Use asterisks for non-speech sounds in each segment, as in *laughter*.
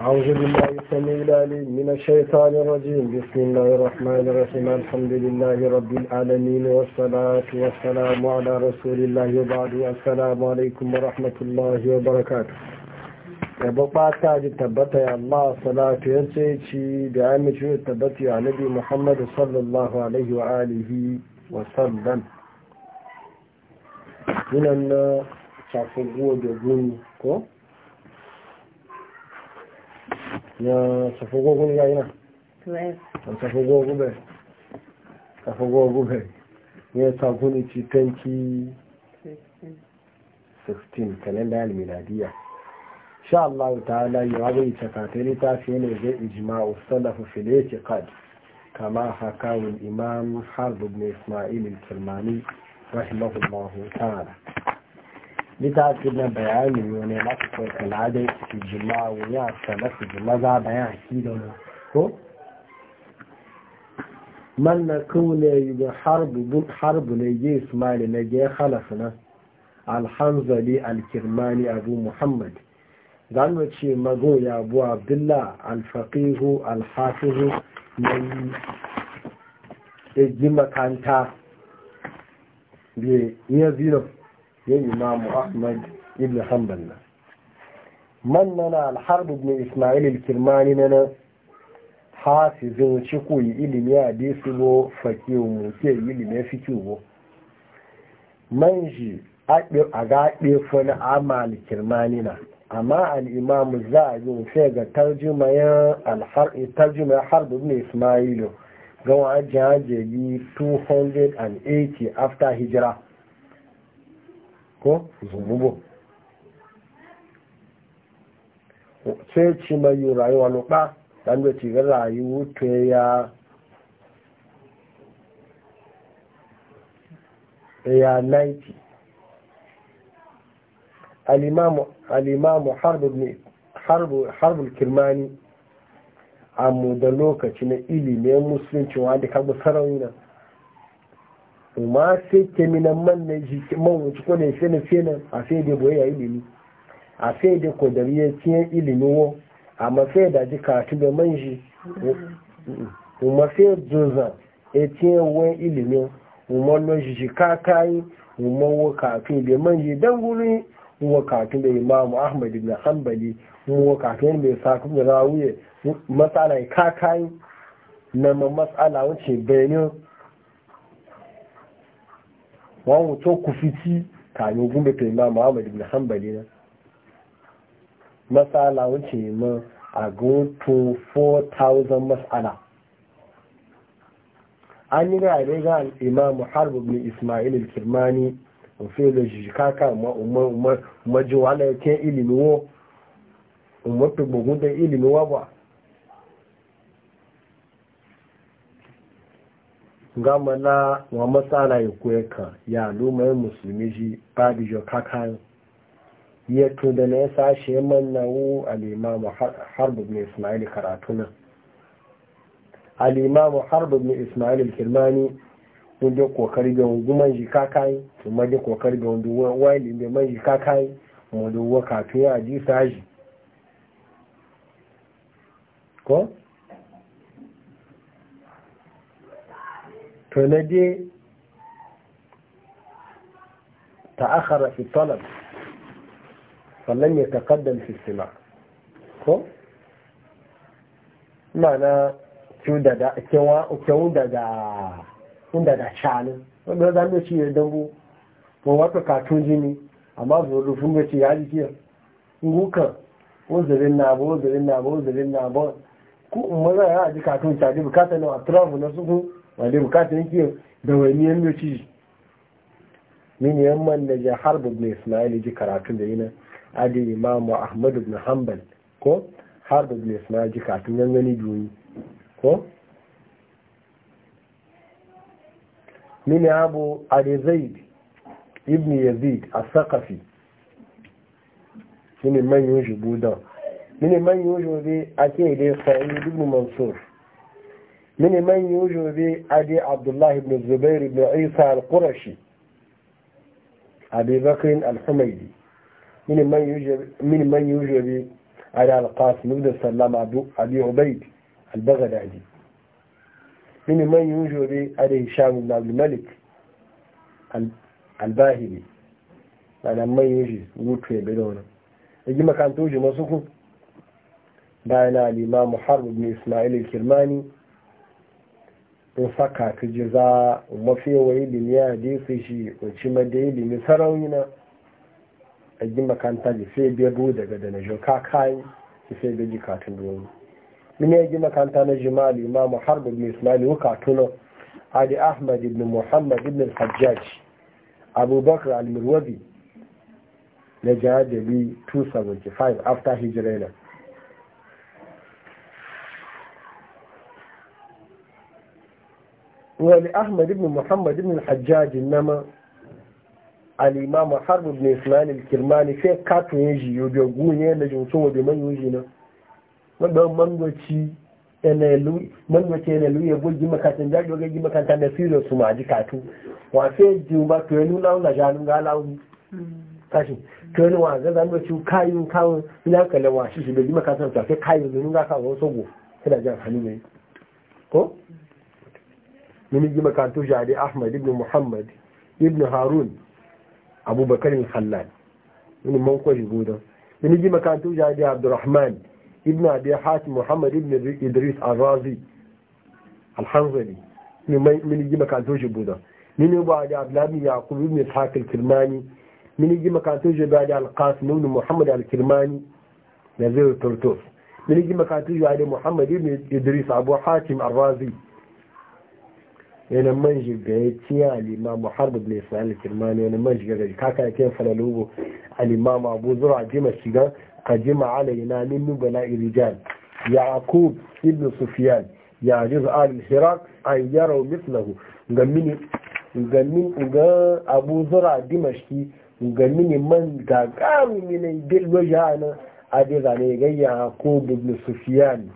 أعوذ بالله السميع العليم من الشيطان الرجيم بسم الله الرحمن الرحيم الحمد لله رب العالمين والصلاة والسلام على رسول الله وبعد السلام عليكم ورحمة الله وبركاته yabo fata ji tabbata ya Allah salatu ya ce ci da ya mace tabbata ya nabi Muhammadu sallallahu alaihi wa alihi wa sallam yunan na shafi guwa da gumi ko? yan safogogun ya yana safogogun bẹ safogogun bẹ yan kalenda miladiya sha Allah ta'ala yi wa bai takatai littafi ne zai ijma'u salafu fileti kad kama hakawun imam harb ne ismail al-kirmani rahimahullahu ta'ala littafin na bayani ne na kuka kula da ijima wuya salafi maza bayan da ne ko man na kune yi harbu ne yi ismaili na ge halafi na alhanzali alkirmani abu muhammad za mu ce magoya abu abdullah alfaqihu alhafihu na yi kanta biye iya zino ya imamu ahmad ibn hanbal man nana alharb ibn ismail al-kirmani nana hafizin ci koyi ilimi a disi bo fakiyo mu ke ilimi bo man shi a gaɗe fana amal kirmani na amma al'imamu za a yi sai ga tarjumayar harbi ne ismailu ga wajen hajjali 280 after hijira ko zunubu ce ci mai yi rayuwa nuka dan da ci ga rayuwa ta ya ya 90 al-imam al a harb ibn harb harb al-kirmani amma da lokaci na ilimin musulunci wanda kaga sarauni na ma fi keminan man na jiki man wuce ko ne fene fene a fe da boye ilimi a fe da kodariya tiyan ilimi wo a mafe da ji karatu da man ji ma fe zoza e tiyan wen ilimi ma no jiji kakayi ma wo karatu da man ji dan guri wa karatu da imamu ahmad ibn hanbali wa karatu mai sakun da rawuye matsala kakayi na ma matsala wuce benin wọn wuce fi tí kayo ogun ta imam muhammad ibn hanbali na masala wuce ma a tó 4,000 masala an yi ga ne ga imam harb ibn ismail al-kirmani ofe da jikaka majiwa na yake ilimi wo umarfi bugun da ilimi wa ba gama na wa matsala ya koya ka ya lumai musulmi ji babu jo kakan ya tunda da na ya sashe man na wu alimamu harbu bin ismail karatuna alimamu harbu bin ismail kirmani mun da kokari ga guman ji kakan tun ma da kokari ga wanda wani da man ji kakan mu da wakatu ya ji saji ko to na je akara fi talab sannan ya taqaddam fi sima ko mana kyau daga kyau daga kun daga ya wanda shi ya ci dango ko wata katun jini amma zuwa rufin ga ce ya ji kiyar nguka uzurin na ba uzurin na ba uzurin na ba ku umarai ya ji katun ta ji bukata na turabu na suku wale bukata yake da wani yan yoci min yamman da ya harbu ibn ismail ji karatun da yana adi imamu ahmad ibn hanbal ko harbu ibn ismail ji karatun yan gani juyi ko min abu adi zaid ibn yazid as-saqafi shine man yuji budan min man yuji ake da sa'id ibn mansur من من يوجد أبي عبد الله بن الزبير بن عيسى القرشي أبي بكر الحميدي من من يوجد من من يوجد على القاسم بن سلام أبو أبي عبيد البغدادي من من يوجد على هشام بن عبد الملك الباهلي أنا من يوجد وطوي بدونه يجي مكان توجد مسوكو بين الإمام حرب بن إسماعيل الكرماني in saka ta ji za mafiyawa ilimi a desa shi kunci da ilimi sarauni na a yi makanta ji sai biyar ruwa daga da na joka kayan ki sai ga ji katun ruwa min ya yi makanta na jimali imamu harbi ibn ismaili wuka tuna ali ahmad ibn muhammad ibn hajjaj abubakar al na jihar 275 after hijira wani ahmad ibn muhammad ibn hajjaj nama al-imam ibn ismail al-kirmani sai katun yaji yobe gunye da jinsu wabe man yoji na madan mangoci enelu ci enelu ya gogi makatan jaji ga gi makatan da sirri su ma ji katu wa sai jumba to enu lawo da janun ga lawo kashi to enu wa ga zan ci kayun kawun ina wa shi shi da gi makatan ta sai kayun zunun ga sogo sai da jan hannu ne ko من يجي توجع جعلي أحمد ابن محمد ابن هارون أبو بكر الخلال من موقف جودة من يجي توجع جعلي عبد الرحمن ابن أبي حاتم محمد ابن إدريس الرازي الحنظلي من يجي توجع بودة من يبو علي عبد الله بن يعقوب ابن إسحاق الكرماني من يجي مكانتو جعلي القاسم ابن محمد الكرماني نزير التورتوس من يجي توجع جعلي محمد ابن إدريس أبو حاتم الرازي yana man shiga ya ce alimamu har da isa kirmani yana man shiga gari kaka ya ce falalubu alimamu abu zura jima shiga ka jima alayna min nubala irijal yaqub ibn sufyan ya jiz al-hiraq an yaro mislahu ga mini ga min ga abu zura dimashki ga mini man ga garu mini bilwa yana adiza zane ga yaqub ibn sufyan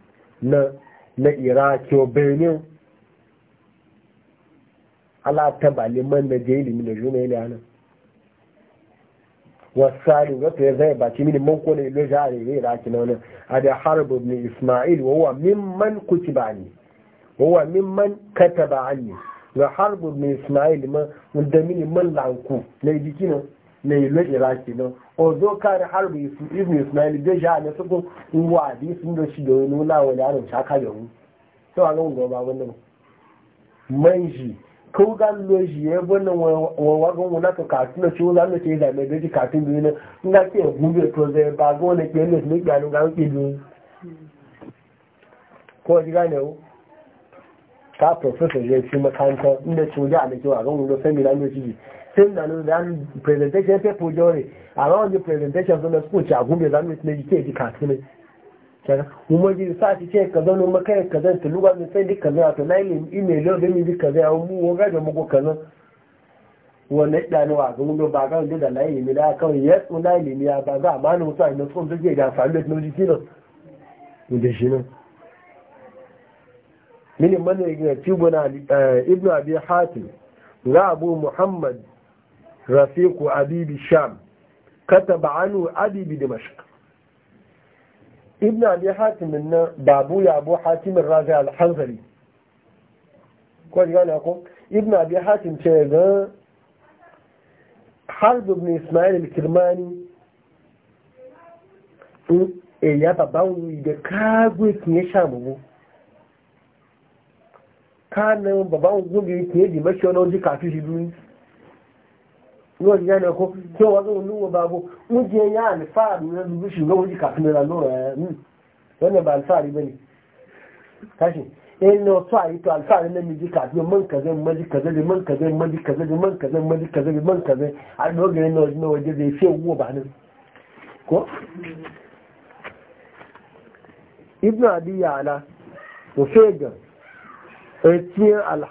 na na iraki wa benin ala tabali man da je ilimi da juna ile ana wasari wato ya zai baci mini man kone ilo ja ne ne raki na wani a da harbu ibn isma'il wa huwa mimman kutiba ni wa huwa mimman kataba ne? Da harbu ibn isma'il ma da mini man lanku na jiki na na ilo iraki na ozo kare harbu ibn isma'il da ja ne suko wa bi sun da shi da wani wani wani ana shaka da mu to a ga wani gaba wannan manji ko ga lo jiye bonan wa wa gon wala to ka tuna ci wala ne ke da me de ka tun bi ne na ke gumbe to ze ba go ne ke ne ne ga ga ke du ko ji ga ne o ka professor je ci makanta inda ci da ne ke wa gon lo sai mi na ne ci sai da no dan presentation pe po a around the presentation so na school ci agumbe da ne ne ke ji ka tun ne kuma ji sa ti ce ka zano maka ya kazan ta luwa mai sai duka zai to na yi email yau yi duka zai an mu waga da muku kazan wanda ya ɗani wa ga mulo ba ga wanda da na yi email ya kawai ya tsu na yi ya ba za a ma na mutu a yi nasu wanda zai da amfani da tunoji shi nan da shi nan mini mani ya gina tibuna eh, Ibn abi za a abu muhammad rafiku abibi sham kata kataba anu abibi da dimashq ibn abi hatim na babu yabo abu hatim razi al-hanzari ko ji gane ko ibn abi hatim ce ga harb ibn ismail al-kirmani e ya baba wuri da kagwe kinye shamubu kanin baban gugu kinye di mashi wani wajen kafin shi duniya yóò jẹ́ ẹni ọkọ́ tí wọ́n tó olúwo bàbá ń jẹ yá àlìfáàrí rẹ̀ lórí ṣùgbọ́n wọ́n jí kàfínira lọ́rọ̀ ẹ̀ man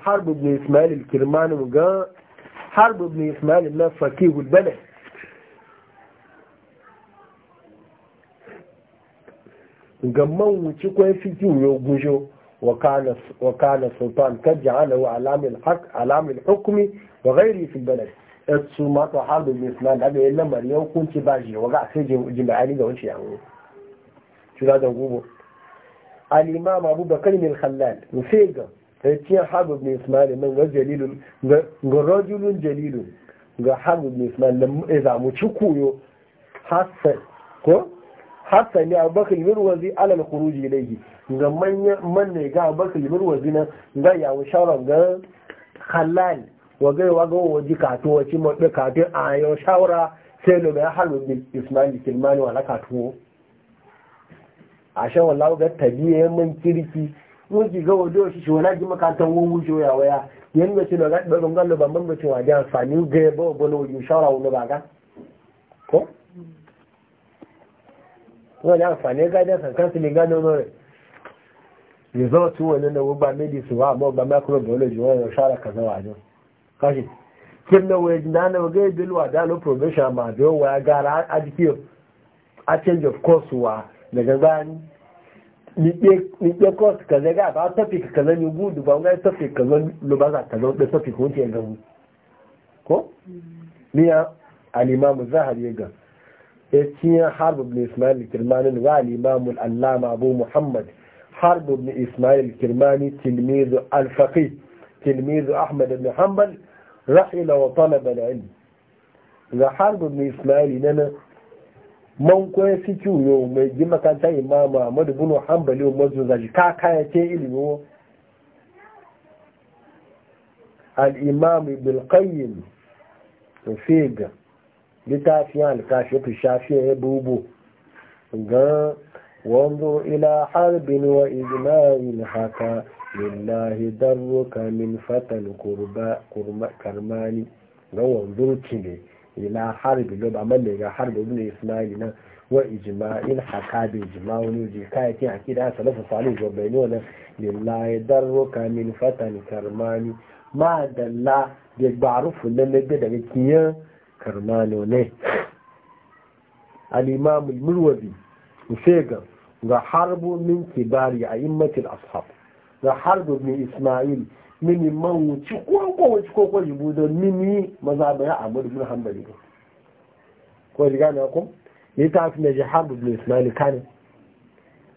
hmm. man ibn ismail gan harb ibn ismail ibn fakih al gamman wuci kwan fiki wuyo gujo wa kana sultan kad ja'alahu alamil haq alamil hukmi wa ghairi fi balad su ma to harb ibn ismail da ga lamar yau kunci ba shi wa ga sai je jima'ani ga wuce yawo shi da gubo al-imam abubakar bin khallal musega sai habu bin ismail nan ga jalilun ga rajulun jalilun ga habu bin ismail nan ya eh, zamu ci koyo Hassan ko hasan ne abubakar zai alal kuruji ilayhi ga manyan manne ga abubakar zai nan ga yawon shawarar ga halal wa ga wa ga waje kato waci mu da kato a yawon shawara sai da ga habu bin ismail kilmani wala kato a shan wallahu ga tabiye man kirki mun ji ga wado shi shi wala ji makantan won wujo ya waya yan ga cewa ga dogon gallo ban ban cewa da amfani ga ba ba no yi shawara wani ba ga ko wani amfani ga da san kansu ne ga no no result wani da wani ba medicine wa amma ba microbiology wani shawara kaza wa jo kashi kin da wani na ga bilwa da no ma gara a a change of course wa daga nike course kaza ga ba topic kaza ne gudu ba wani topic kaza lubasa kaza da topic wuce ga mu ko niya al-imam zahabi ga yakin harb ibn ismail kirmani wa al-imam al-allama abu muhammad harb ibn ismail kirmani tilmizu al-faqih tilmizu ahmad ibn hanbal rahila wa talaba al-ilm ga harb ibn ismail nana man koya fikiyu yo mai gi makanta imamu Amadu bin hanbali wa mazun zaji ka kaya ce ilimi al-imam ibn qayyim to figa littafin al-kafi shafi ya bubu ga wanzu ila harbin wa ijma'in haka lillahi darruka min fatan kurma karmani ga wanzu ne ila harbi lo a man ga harbi ibn isma'il nan wa ijma'il hakabi ijma'u ne je kai tin akida salafu salih go bayni wala lillahi darruka min fatan karmani ma dalla da ba'rufu nan ne daga kiyan karmano ne al-imam al-murwazi ga harbu min kibari a'immatil ashab ga harbu ibn isma'il mini man wuce ko ko wuci ko ko jibu da mini maza bayan Ahmad ibn Hanbali ko riga na ko litafi na Jihad ibn Ismail kan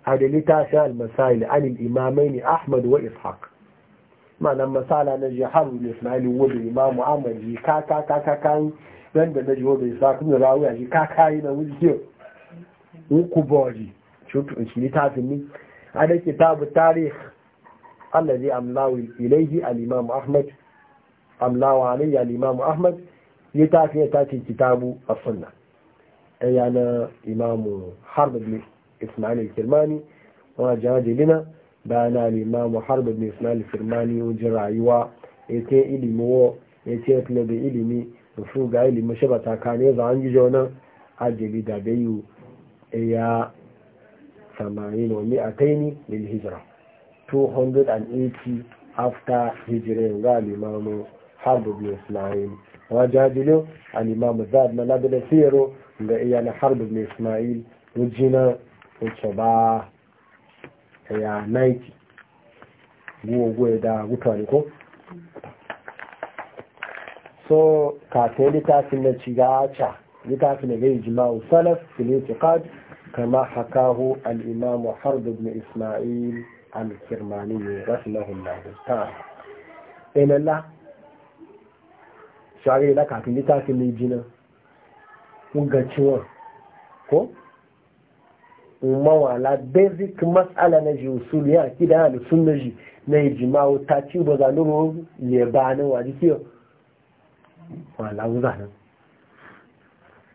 ada litafi al-masail an al ne Ahmad wa Ishaq nan masala na Jihad ibn Ismail wa imamu Ahmad ji ka ka ka ka kan dan da naji wa Ishaq ibn Rawiya ji ka kai na wuce ke ku boji chutu shi litafi ni ada kitabu tarihi allazi amlawu ilayhi al-imam ahmad amlawu ta al-imam ahmad littafi ya tace kitabu as-sunna ayyana imamu harb ibn isma'il al-kirmani wa jajilina bayana al-imamu harb ibn isma'il al-kirmani wajen rayuwa yace ilimi wo yace fule da ilimi rufu ga ilimi shi ba takane za biyu gijo nan ajali da bayu ya samani wa mi'ataini lil hijra 280 after hijri ga limamu harbu bin ismail wajajilin alimamu zaɓ na labida siyaro ga iyana harbu bin ismail wajina wuce ba ya 90 guwa da gutani ko so kafin littafin na cigaca littafin da gai jima'u salaf fil itiqad kama hakahu al-imam harb ibn isma'il alkirmani rahimahullahu ta'ala enalla shagari da kafin littafin mai jina ciwon ko mawala basic matsala na ji usul ya kida da sun na ji na ijimawo ta ci ba zanuru ne ba na wajikiyar wala wuzanin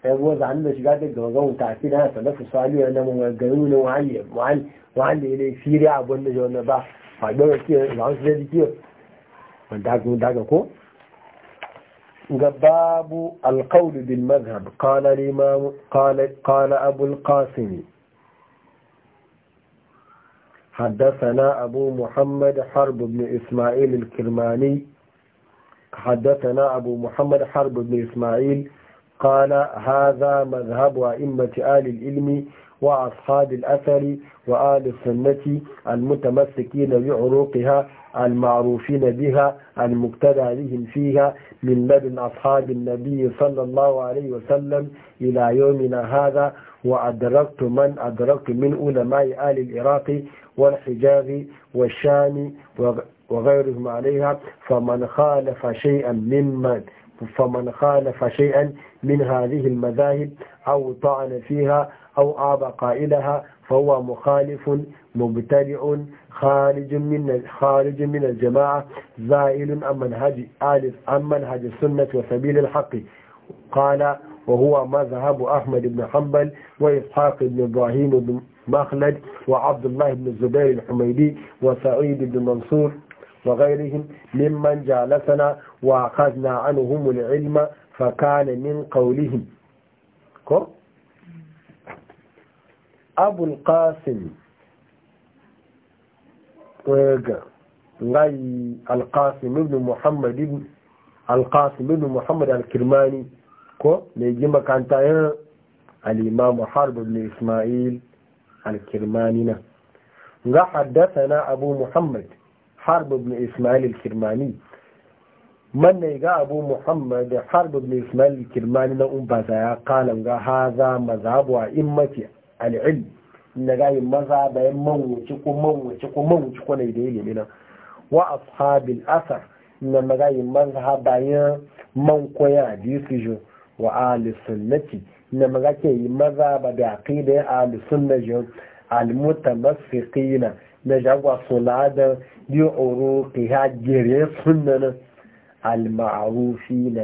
yabo za da shiga da gaban tafi da ta da fusali ya nan gayu ne wani ya ne firi abun da jona ba fado ke za su da dike wanda go daga ko ga babu alqaul bil madhhab qala al imam qala qala abu al qasim حدثنا أبو محمد حرب بن إسماعيل الكرماني حدثنا أبو محمد حرب بن إسماعيل قال هذا مذهب أئمة آل العلم وأصحاب الأثر وآل السنة المتمسكين بعروقها المعروفين بها المقتدى بهم فيها من لدن أصحاب النبي صلى الله عليه وسلم إلى يومنا هذا وأدركت من أدركت من علماء آل العراق والحجاز والشام وغيرهم عليها فمن خالف شيئا ممن فمن خالف شيئا من هذه المذاهب أو طعن فيها أو عاب قائلها فهو مخالف مبتدع خارج من خارج من الجماعة زائل عن منهج آل عن منهج السنة وسبيل الحق قال وهو مذهب أحمد بن حنبل وإسحاق بن إبراهيم بن مخلد وعبد الله بن الزبير الحميدي وسعيد بن منصور وغيرهم ممن جالسنا واخذنا عنهم العلم فكان من قولهم ابو القاسم غي القاسم بن محمد بن القاسم بن محمد الكرماني كو mai gima kanta yin al'imamu harbin da ismail alkirmani nan ga haddasa na abu harb ibn ismail al-kirmani man ne ga abu muhammad harb ibn ismail al-kirmani na umba za ya kala ga haza mazhabu a immati al-ilm inda ga yin maza bayan manwuci ko manwuci ko manwuci ko ne da ilimi nan wa ashabil asar na magayin mazha bayan man koya hadisi jo wa ahli sunnati na magake yi maza ba da aqida ahli sunna jo al mutamassiqina na jagwa suna da biyu oro ke al gere na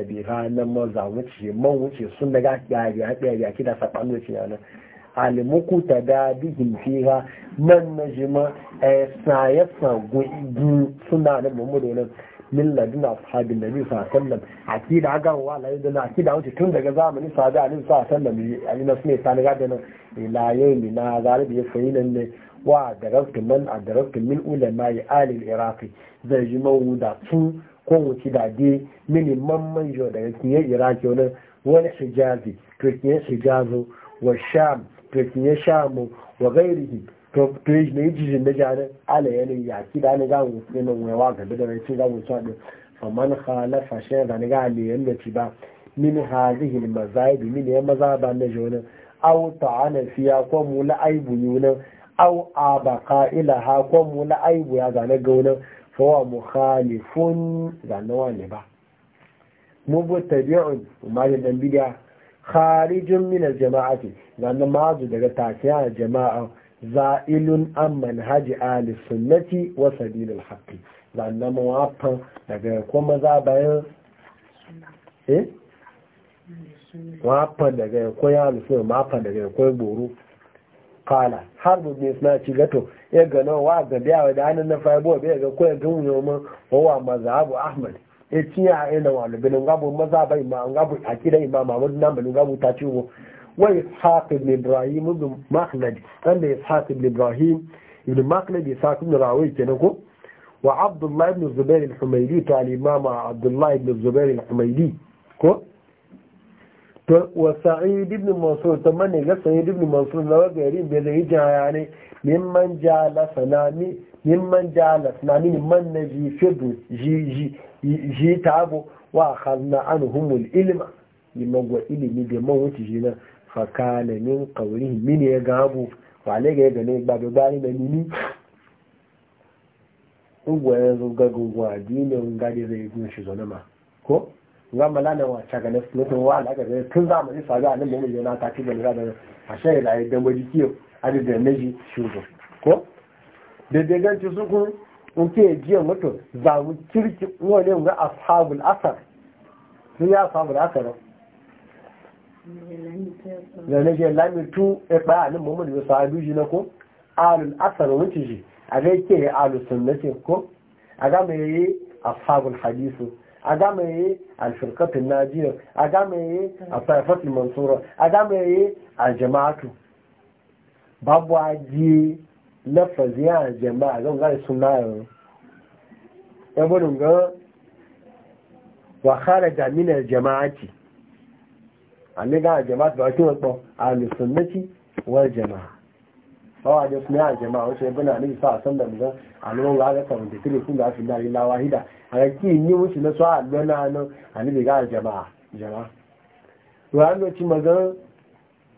bi na maza wuce man wuce sun daga ɗari a ɗari a kida saɓan wuce yana alimuku ta da bihin fiha man na jima a saye gudu suna da muhammadu nan min ladin ashabin nabi sallam akida ga wa la yadda na akida wuce tun daga zamanin sahabi sa sallam ali na sune sani nan ila yau mina zalibi ya fayi nan ne وعدرات كمان عدرات كمان علماء آل العراقي زي جمو داتون كونو تدادي من الممن جو داتنية عراقي والحجازي كرتنية حجازو والشام كرتنية شامو وغيره تريج نيجي جنة جانا على يعني يعكي دانا جانا وثنين ونواقع بدأ ريتين جانا وثنين فمن خالف عشان دانا جانا اللي يمتي با من هذه المزايد من يمزايد عنا جونا أو طعنا فيها قوم ولا أي بيونا au a baka ila hakon mu na aibu ya zane ga wani fawa mukhalifun zanewa ne ba mu bu tabi'un umarin dan bidiya kharijun min aljama'ati zanen mazu daga tafiya jama'a za'ilun an manhaji ahli sunnati wa sabilil haqqi zanen mawafan daga kuma za bayan eh wafan daga koyan alisunan mafan daga koyan boro kala har bu ne suna ci gato ya gano wa ga biya da hannun na faibo biya ga koyar gan wuyo mun wawa mazhabu ahmad ya ciya a ina wa lubinin gabu mazhabai ma an gabu akida imam ahmad na mun gabu ta ci wo wai ishaq ibn ibrahim ibn mahmad dan da ishaq ibn ibrahim ibn mahmad ishaq ibn rawi kenan ko wa abdullah ibn zubair al-humaydi ta al-imam abdullah ibn zubair al-humaydi ko to wa sa'id ibn mansur to mane ga sa'id ibn mansur da wa gari be da hijja yani mimman jala sanami mimman jala sanami man naji fidu ji ji ji tabo wa khadna anhum al-ilma mimman wa ilmi be man ji na fa kana min qawlihi min ya gabu wa le ga ga ne ba be bani da ni ugwa yanzu gaggun gwa dinin gadi zai na ma ko nga mala na wata ga nasu nufin wa alaka ga tun zamani sabi a nan da mulki na ta ci gani da a shayi da yadda wani kiyo adi da naji shugo ko da da ganci su kun in ke jiya mutu za mu kirki wani ga ashabul asar sun yi ashabul asar da na je lamitu e ba a nan mu da sabi ji na ko alul asar wuce shi a ga ke alul sunnati ko a ga mai ashabul hadisu a gamaye alfirkatun najiyar a gamaye a saifatun mansura a gamaye a jama'atu babu ajiye lafazi a jama'a zan gari suna yau yabunin ga wakara jaminar jama'ati a niga a jama'atu ba kiwon ɗan a lusunnaki wa jama'a bawa da suna a jama'a wasu yabunan a nisa a san da mu zan a nuna ga aka 73 sun da ake nari lawahida a ni musu na so a gana nan annabi ga jama'a jama'a ruwan ci magan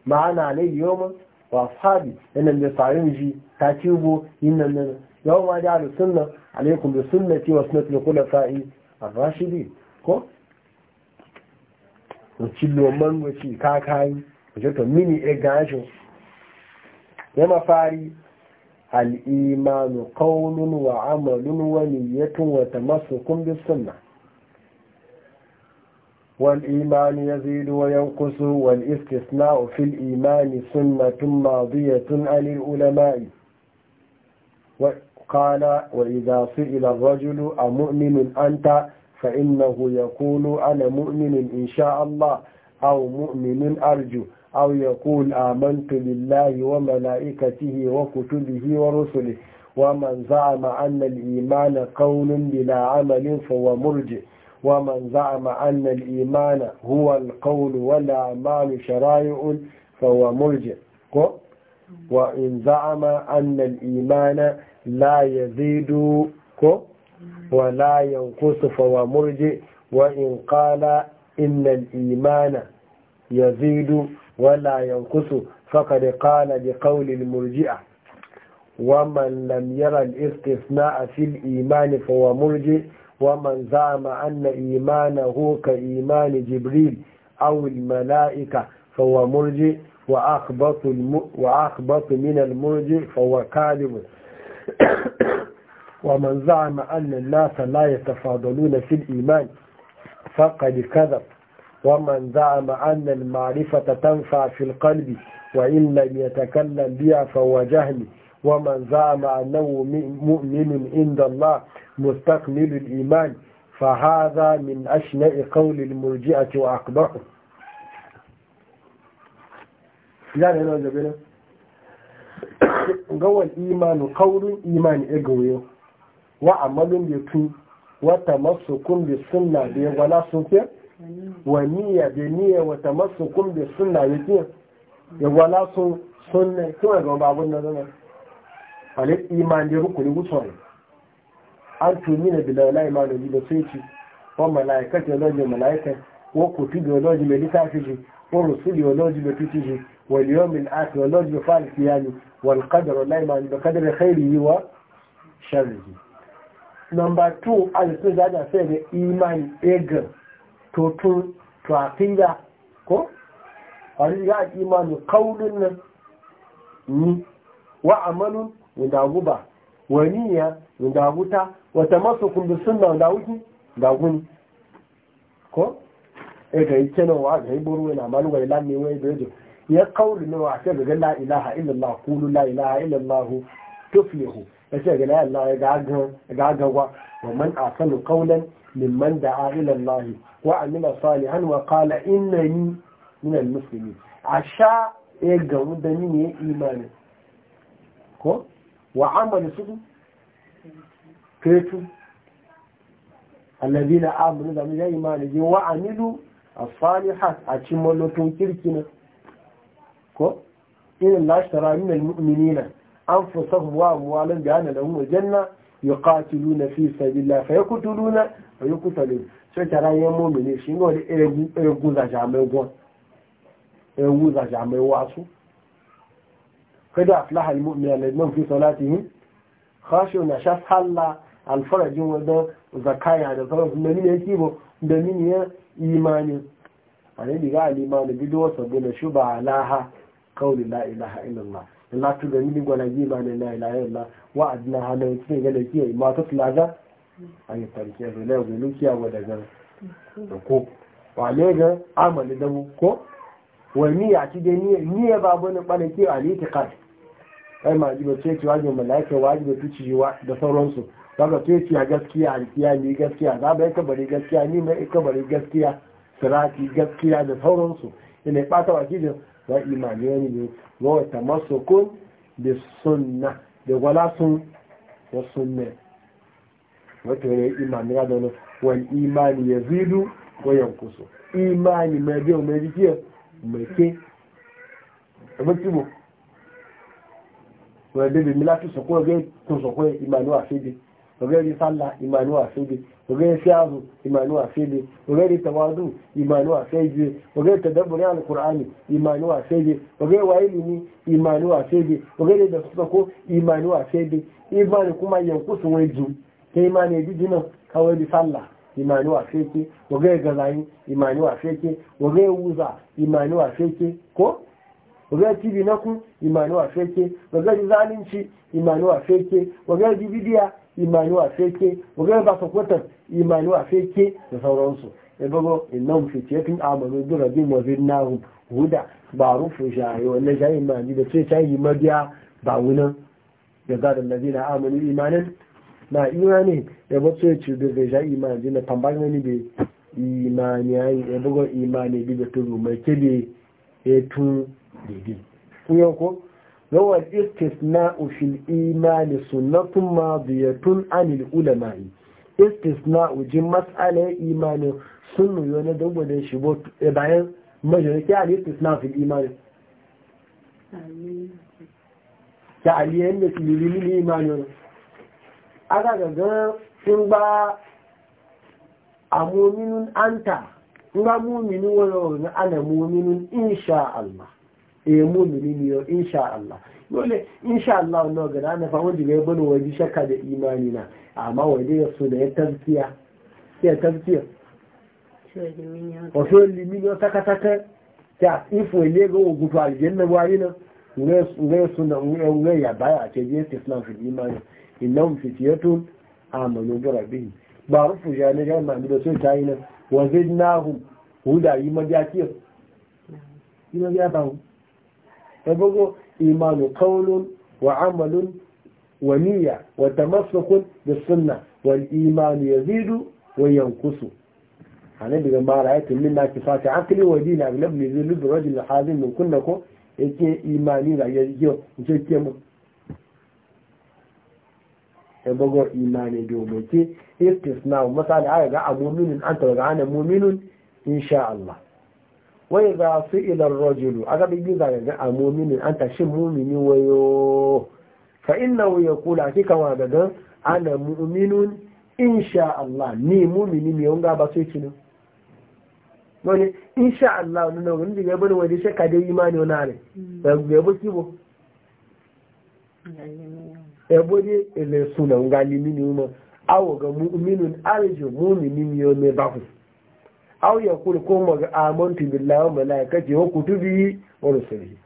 ma'ana alai yoma wa sahabi yana da sarin ji ta cibo yin nan nan yau ma da ahlus sunna alaikum bi sunnati wa sunnati al-khulafa'i ar-rashidin ko ci lomman wuce kakayi wajen to mini e gashin ya fari. الإيمان قول وعمل ونية وتمسك بالسنة والإيمان يزيد وينقص والاستثناء في الإيمان سنة ماضية عن العلماء وقال وإذا سئل الرجل أمؤمن أنت فإنه يقول أنا مؤمن إن شاء الله أو مؤمن أرجو أو يقول آمنت بالله وملائكته وكتبه ورسله ومن زعم أن الإيمان قول بلا عمل فهو مرجئ ومن زعم أن الإيمان هو القول والأعمال شرائع فهو مرجع وإن زعم أن الإيمان لا يزيد ولا ينقص فهو مرجع وإن قال إن الإيمان يزيد ولا ينقص فقد قال بقول المرجئة ومن لم يرى الاستثناء في الإيمان فهو مرجئ ومن زعم أن إيمانه كإيمان جبريل أو الملائكة فهو مرجئ وأخبط, الم... وأخبط من المرجئ فهو كاذب *coughs* ومن زعم أن الناس لا يتفاضلون في الإيمان فقد كذب ومن زعم أن المعرفة تنفع في القلب وإن لم يتكلم بها فهو جهل ومن زعم أنه مؤمن عند الله مستكمل الإيمان فهذا من أشنع قول المرجئة وأقبحه يعني هنا جبنا قول إيمان قول إيمان إقوي وعمل يتو وتمسك بالسنة ولا سنة waniya niyya bi niyya wa tamassukum suna sunna yake ya wala sun sunna kuma ga babun nan nan ale iman da rukuni gutsoyi an tumina bi la iman da da sai ci ko malaikatu da da malaika ko kutubi da da littafi ko rusuli da da littafi wa yawmil akhir da da fal qiyami wal qadar la iman bi qadri yi wa sharrihi number 2 al-sunnah sai da iman egan tutun tuwafiya ko wani ya ake imanu kaunin nan ni wa amalun dagu ba wani ya dagu ta wata masu kundu da wuki dagu ni ko e ga yake nan wa ga iburu wani amalu ga ilami wai da yajo ya ne wa ta ga la ilaha illallah kulu la ilaha illallah tuflihu ya ce ga la ilaha ga ga ga wa man ahsanu qawlan mimman da'a ila Allah wa amila salihan wa qala innani min al-muslimin asha ya gamu da ni ne imani ko wa amala su kaitu alladhina amanu da min imani wa amilu as-salihat a cikin mallotun kirkina ko inna Allah shara min al wa janna yuqatiluna fi sabilillah fayaqtuluna wa yuqtalun so tara yen mu'mini shi ngo le egun egun za jame gon ewu za jame wasu kada aflaha almu'minu alladhina fi salatihim khashuna shafalla alfarajin wanda zakaya da sauran su ne kibo da mini ya imani a ne diga al-imanu bidu wa sabuna shuba alaha qawli la ilaha illallah Allah tu ga mili gwana yi ba na ilaha na wa adina halan ce ga da ke ma ta tulaga an tarke da la gulu kiya wa da ko ne ga amali da mu ko wani ya ci da ni ni ya babu ne bane ke al-itiqad kai ma ji ba ce ci wajin malaika wajibi ci ci da sauransu ga ce ci gaskiya alkiya ni gaskiya za ba yi kabari gaskiya ni mai kabari gaskiya sirati gaskiya da sauransu ina ba ta za a imani ne wa tamassukun bi sunna da wala sun wa sunna wato ne imani ga don wal imani yazidu wa yanqusu imani mai biyo mai jikiya mai ke abin kibo wanda bi milatu sokwa ga to sokwa imani wa sai ogeri sallah imanu afebe ogeri fiyazu imanu afebe ogeri tawadu imanu afebe ogeri tadabburi alqur'ani imanu afebe ogeri wa imanu afebe ogeri da imanu afebe imani kuma yankusun waju ke imani dijina kawai bi sallah imanu afeke ogeri gazayin imanu afeke ogeri wuza imanu afeke ko ogeri tibi nakun imanu afeke ogeri zalunci imanu afeke ogeri bidiya imani wa feke magana ba su kwatar imani wa feke da sauransu ya bago innan fitiyatun amanu bi rabin wa zinnahu huda ba rufu shayi wannan shayi imani da ce shayi mabiya ba wunan ya zada lazina amanu imanin na imani ya ba ce ci da shayi imani na tambayin ne be imani ya bago imani bi da turu mai kebe ya tun daidai yau ko rawar istis na ufil imanin suna suna biyar tun anin ulamai istis na ujimas da dabo da shi ba yau da majin kai alayi na ufil imanin da alayi na kiri aka zazzaɓi sun gba a muminin an ta n ana muminin insha allah. eh mumini insha Allah dole insha Allah na ga na fa wanda bai bani waje shakka da imani na amma wanda ya so da ya tafsiya ya wasu limin yau saka ta ifo ile ga ogutu aljanna wari na ngai suna ngai ya baya a cikin islam fi imani innahum fitiyatun amanu bi ba rufu ya ne ga ma da so tayi nan wa zidnahum huda yi mabiya yi mabiya bawo ebogo imanu qawlun wa amalun wa niyya wa tamassukun bis sunna wal imanu yazidu wa yanqusu ana daga ma ra'aytu minna kifata aqli wa dina aglab li zul rajul hazin min kunna ko yake imani da yake yake mu ebogo imani do mu ke istisna masal aya ga amuminin anta wa ana muminun insha Allah wai za su ilar rajulu a gabi biyu zaga ga amomi ne an tashi ka wayo fa inna ya kula kika wa gaga ana mu'minun insha Allah ni mumini ne wanga ba su yi wani Allah wani da gaba wani shakka dai imani wani ne da gaba kibo ebo dai ele suna ngalimi ne mu awo ga mu'minun ne mai bahu aw ya kuri ko mu ga amantu billahi wa malaikati wa kutubi wa rusulihi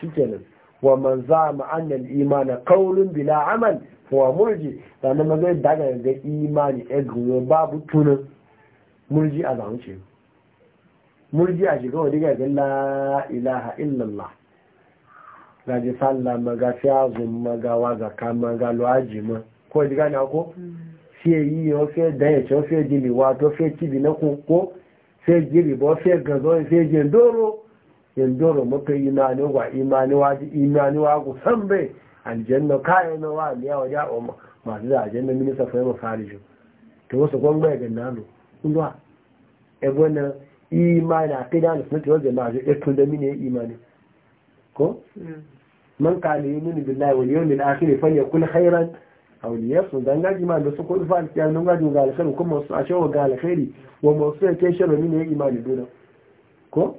shikenan wa man zama anna al-iman qawlun bila amal wa murji ma maza daga ga imani egunwe babu tunan murji a zaunce murji a shiga wani gaga la ilaha illallah ga ji sallah maga fiya zun magawa ga kama ga luwaji ko ji gani ako mm. fẹ́ yí ọ fẹ́ dáyẹ̀ tí ọ fẹ́ di ìwà tó fẹ́ tìbí lẹ́kùn kó fẹ́ jìrì bọ́ fẹ́ gàngan fẹ́ jẹ ndóró jẹ ndóró mọ́tò ìmániwá ìmániwá kò sánbẹ̀ àjẹ́nà káyọ̀ náà wà ní àwọn masu da auliyarsu don gaji ma da su kudu fa alkiyar don gaji ga alkhairi kuma su a cewa ga alkhairi wa masu ya kai shirin ne imani dole ko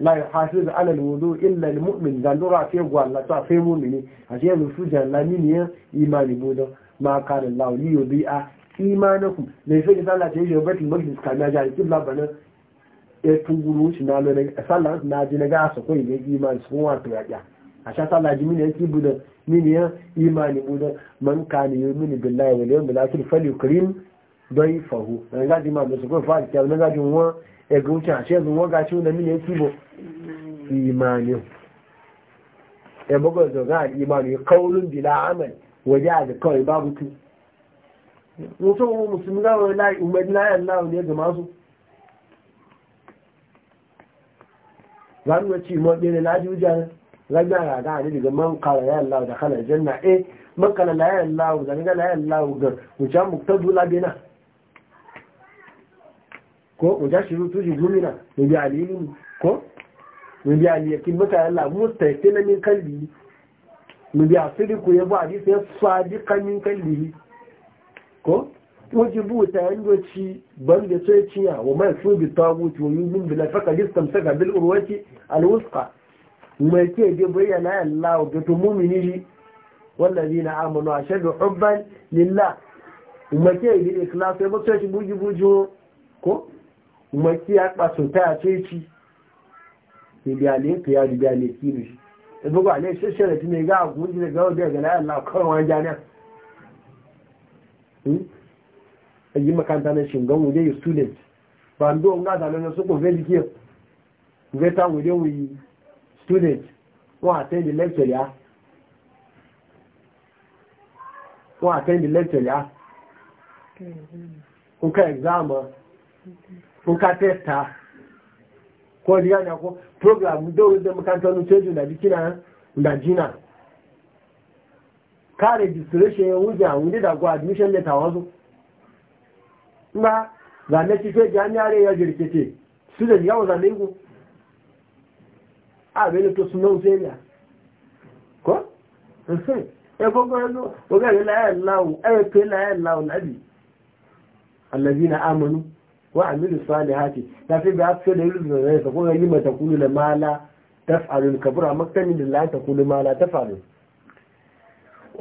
la yuhasiz ala alwudu illa almu'min dan dora fe gwalla ta fe mu'mini a ce mu su janna ni ne imani dole ma kana Allah li yubi'a imanakum ne sai da Allah ta yi batul majlis kana ja ki labana e tunguru shi na lo ne sallah na ji na ga su ko ne imani su kuma to ya a sha sallah ji mini yake budan mini ya imani budan man kana yu'minu billahi wal yawmil akhir falyukrim dayfahu dan ga ji ma su ko fa ta dan ga ji won e gucin a shezu won ga ci da mini yake bo imani e bugo zo ga imani qaulun bila amal waja'a kawai babu tu mutum musulmi ga wani ne ga masu za mu ci mawaɗe na laji wujanen lagara da ne daga man kala ya Allah da kala janna eh man kala la ya Allah da ga la ya Allah ga wuce muktadu la na ko wuce shiru tuji gumina ne bi alimin ko ne bi aliyakin maka Allah mustaqina min kalbi ne bi ku ya ba hadisi ya sadiqa min kalbi ko wajibu ta yandoci ban da sai ciya wa mai su bi tagutu min bil faqad ga bil urwati al wusqa mai ke je bayyana Allah ga to mumini shi wallazi na amanu ashadu hubban lillah mai ke yi ikhlas sai mutum shi buji buji ko mai ke ya kwaso ta ce ci ibiyale to ya ne. kiri shi ibu ga ne shishira ti ne ga gunji da ga wadda ga na Allah kawai wani jami'a hmm? yi makanta na shingan wuje yi student ba ndo nga zanen su ko velike veta wuje wuyi student won attend the lecture ya wọ́n attend the lecture yá kuka mm-hmm. exam kuka testa ko diga na ko program do da makarantar nutejo da jikina na jina ka registration ya wuce a wuri da kuwa admission letter wazo ba zane cikin jami'ar ya jirkice su student yawon zane ku àbẹ́lẹ̀ tó súnmọ́ oúnjẹ ìyà kọ́ ẹgbọ́gbọ́ ẹlú ogẹ́rẹ́ láyẹ̀láwò ẹ̀ẹ́pẹ́ láyẹ̀láwò lábì alẹ́bìnà o wọ́n àmìlù sọ́ọ̀lẹ̀ hàtì láti bí a fẹ́ lè rí rẹ̀ sọ́kún rẹ̀ yíma takulu lè máa la tafàlù kàbúrà mọ́kànnì lè láyẹ̀ takulu máa la tafàlù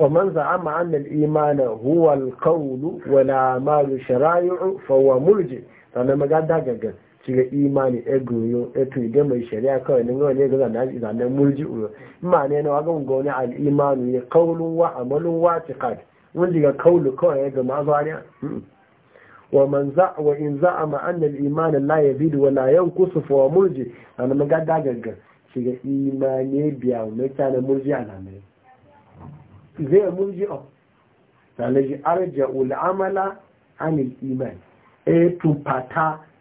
ومن زعم ان الايمان هو القول ولا مال شرائع فهو ملجئ فانا ما قاعد أقول shiga imani e goyo e idan mai shari'a kawai nan ne ga zanen zanen murji uyo ma ne na wagan gona al imanu ne qaulun wa amalun wa tiqad mun diga qaulu kawai ga mazariya hmm. wa man za wa in za'ama anna al iman la yazidu wa la yanqusu fa murji an maga da gaggar shiga imani e biya ne kana murji alamai zai murji o sanaji arja ul amala an al iman e tupata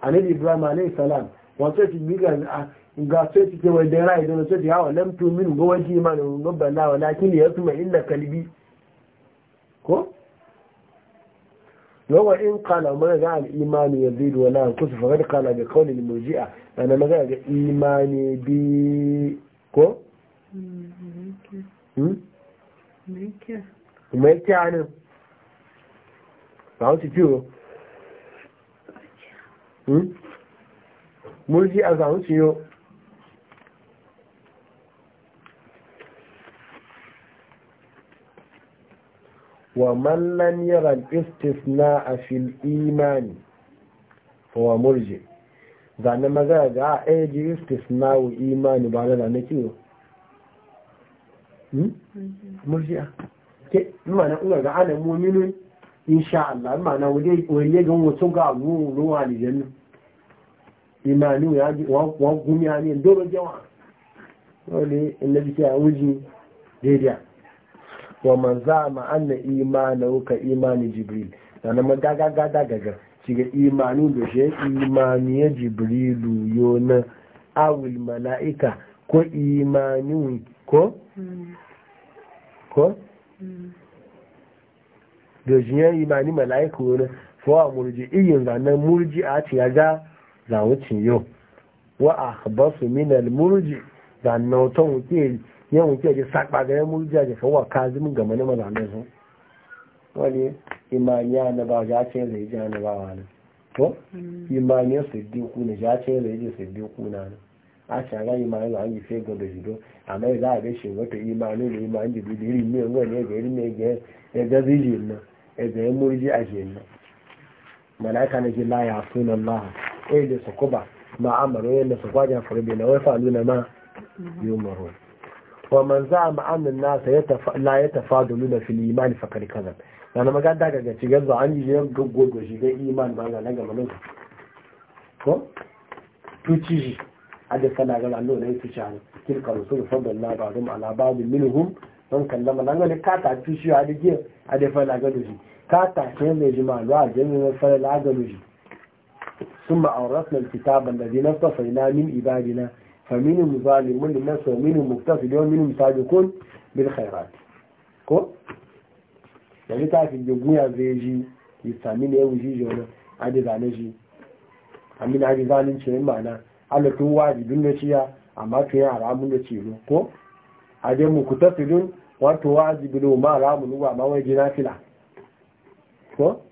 annabi ibrahim alayhi salam se ti biga ga se ti ke wede rai da sai ci hawa lam min go waji imanin rabbana walakin yasma illa kalbi ko in لو إن قال ما جعل الإيمان يزيد ولا ينقص فقد قال ga المرجئة أنا ما hmm إيماني ب كو ميكا ميكا أنا ما هو تفيه mọ́jí hmm? àzàrún ti yóò wa mallan yaran na a fil imani wa murji zane maza ga a eji na wa imani ba da zane kiwo hmm? murji a ke mana ina ga ana muminun insha Allah mana wani ga wasu ga abubuwan ruwa da jannu ìmáàlú wọ́n gún ní àárín ìdóró jẹ́wà wọ́n lè ẹlẹ́bíṣẹ́ àwọn jí dédé wọ́n mọ̀ záàmà ánà ìmáàlú ka ìmáàlú jibril na ma gagagada gaga shiga imanu da ṣe ìmáàlú ya jibrilu yóna awul mala'ika ko ìmáàlú ko ko da shi yan ìmáàlú mala'ika wani fọwọ́ murji iyin ranar murji a ce ya ga za wuce yau wa a basu minal murji da nautan wuke yan wuke ji sakpa ga yan murji a jika wa kazimin ga mani mazanen su wani imaniya na ba ya ce zai ji na ba wani to mm. imaniya siddiku na ya ce zai ji siddiku na ne a shaga imanin da an yi fego da jido a mai za a gaishe wata imanin da imanin da biyu irin ne wani ya gari ne ya gazi jin nan ya gari murji a jin nan malaka na ji la sunan laha ɗaya da su kuba ma amaro yadda su kwaja farbe na wai falu na ma yi umaru wa man za a ma'amin nasa la ya tafa da luna fili imani fakar kazan na na maganda ga gaci gaza an yi yau gaggogo da shi ga imani ba na gama nan ko tuci shi a da sana ga lalo na yi tuci hannu kirka rusul sabbin labarin alabarin minhum don kallama nan wani kata tuci a da giyar a da fara gado shi kata ke mai jima'a a jami'in fara lagalo shi ثم أورثنا الكتاب الذين min من عبادنا فمنهم ظالم للنفس ومنهم مقتصد ومنهم سابق بالخيرات كو يعني تعرف الجمهور زيجي يستعمل يوم جي جونا عدد عن جي amin a rizanin ce yin ma'ana alakin wajibin da ciya amma tun yin haramun da ciro ko a dai mu kuta filin wato wajibin ma haramun ba ma wai jina fila ko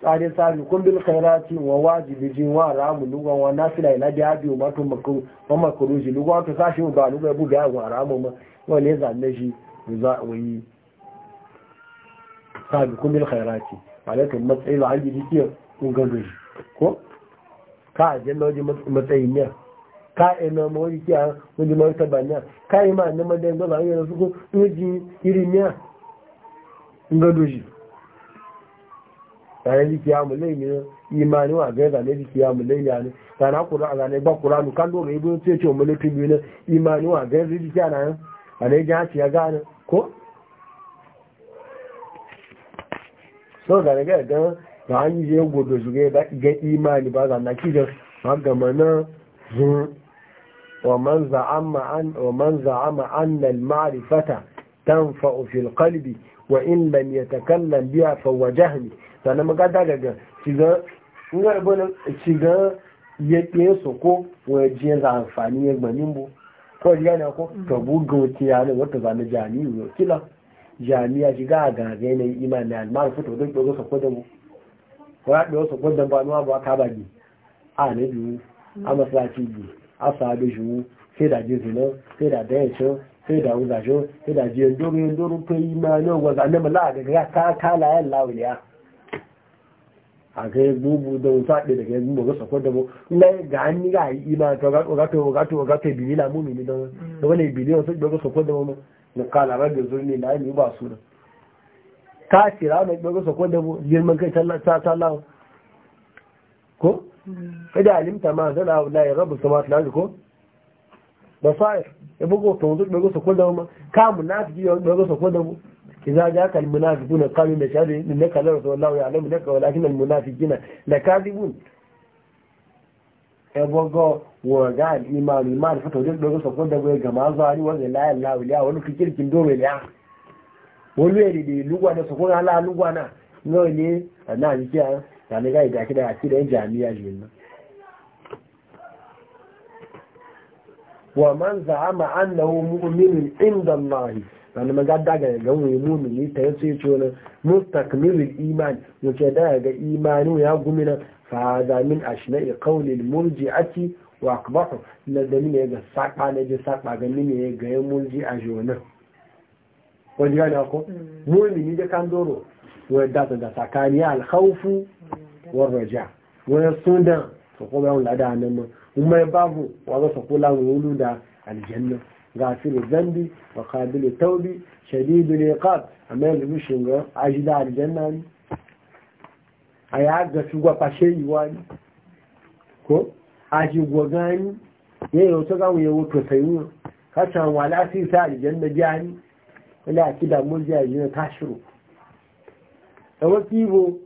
tsari sami kumbin khairati wa wajibi jin wa ramu lugwa wa nafila ila da yabi ma to makru wa makru ji lugwa to sashi ba lugwa bu ga a ramu ma wa ne zanne shi za wa yi sami kumbin khairati malaka matsayi ba an ji kiyo kun ga shi ko ka je loji matsayi ne ka ina mo yi kiya mun ji mai tabanya ka yi ma ne madan ba ba yi su ko uji iri ne ngado shi tare ji kiya mu lai ne imani wa ga zane ji kiya mu lai ne tana kura a zane ba kura kan dole ibo ce ce mu lai ne imani wa ga ji kiya na a ne ja ci ya gane ko so da ga gan ga an yi je gudu su ga ga imani ba zan na kidan haka mana zun ومن زعم أن ومن زعم أن المعرفة تنفع في القلب وإن لم يتكلم بها فهو جهمي sannan ta daga shiga y'a bana shiga ya ke so ko waje za amfani ya gbani bu ko ya na ko to buga wuce ya ne wata zane jami'u kila jami'a shiga a gagai na imani almar fito don ɗogo sa kodin mu ko ya ɗogo sa kodin ba nuwa ba ka ba bi a ne biyu a masarci bi a sabi shiwu sai da jin zinan sai da dayan shi sai da wuzashi sai da jiyan doro yin doro to imani wa zane mala a gaga ka kala yan lawuliya a ga ya gugu da wuta ɗaya daga yanzu ba ga sako da mu na ga an ni ga yi ima to ga ga to ga to ga to bini na mu ni don mm. da wani bini wasu ga sako da mu na kala rabbi zurni na yi ba su da ka tira na ga sako da mu girman kai ta ta ko mm. da alimta ma zana la ya rabu samawati na ko basair ya bugo to ga sako da mu ka munafiki ya ga sako da mu إذا جاءك المنافقون قالوا نشهد إنك لرسول الله يعلم لك ولكن المنافقين لكاذبون ebogo waga al'imar imar fito duk da rusa kodda bai gama zuwari wanda layan lawuliya wani fikirkin dole liya wani yari da lugwa da sukun ala lugwa na nawa ne a na jikiya da na gari da kida a kidan jami'a shi wa man za'ama annahu mu'minun inda Allah wani magada ga ga wani mumini ta yace ce wani mustakmilul iman ce daya ga imani ya gumina fa za min ashna'i qawli al murji'ati wa akbahu na da ne ga saƙa na ji saƙa ga ne ga ya murji'a jona ko ji ga ko mumini da kan doro wa da ta da sakani al khawfu war raja wa sunan to ko ba on lada nan mu mai babu wa ga sakola wulu da aljanna gafiru zambi wa kabilu taubi shadidu liqab amma yanzu bishin ga ajida aljanna ne a ya ga shugwa fashe yiwa ne ko aji gwaga ne ya yi wata gawo ya wato sayi kasan wala sai sa aljanna biya ne wala a kida murjiya jina ta shiru da wasu ibo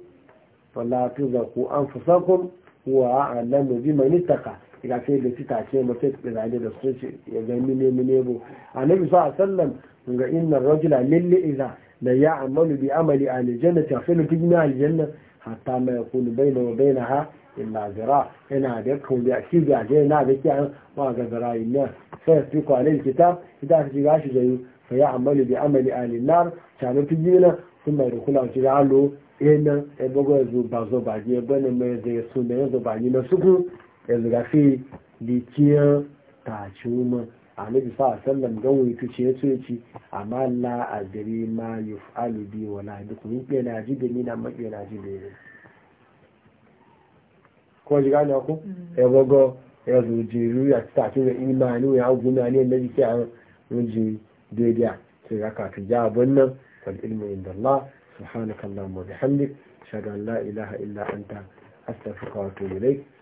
wala tu zaku an fusakun wa a'lamu bi man ittaka ga sai da ci take mu sai da zane da su ce ya ga mine mine bu annabi sallallahu alaihi wasallam ga inna rajula lilli idha la ya'malu bi amali ahli jannati fa la tujna al janna hatta ma yakunu bayna wa bainaha illa zira ina da kun da shi ga je na da kiyan wa ga zira'i ne sai su ko alai kitab idan ka shiga shi jayu fa ya'malu bi amali ahli nar ta na tujina sun bai da kula ci ga allo ina e bugo zu bazo baji e bane mai da sun da yanzu baji na suku yanzu ga fi likiyar tashi ma a nabi sa a sallam gan wuyi ce ya ce ci amma la a jiri ma yi fa'alu bi wa la duk ni ɓe na ji da ni na maɓe na ji da ni ko ji gane ku mm. ya gogo ya zo jiru ya ci tashi da imani ya gudu na ne na jiki a rujin daidai sai ya kafin ya abin nan wal ilmu inda Allah subhanakallahumma bihamdik shada la ilaha illa anta astaghfiruka wa atubu ilayk